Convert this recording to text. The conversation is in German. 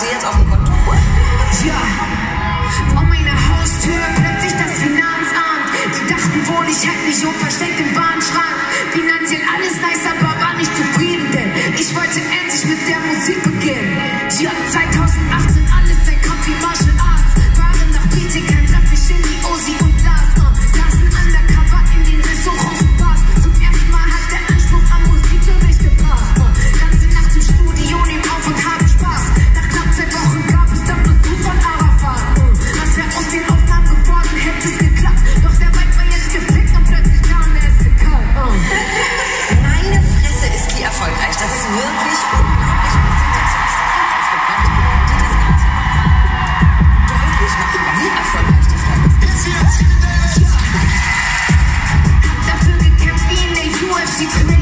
also jetzt auf dem Konto. Ja. Vor meiner Haustür plötzlich das Finanzamt. Die dachten wohl, ich hätte mich um versteckt im Warenschrank. Finanziell alles nice, aber war nicht zufrieden, denn ich wollte endlich mit der Musik beginnen. Ja, 2018 alles sein Kopf wie Marshall. you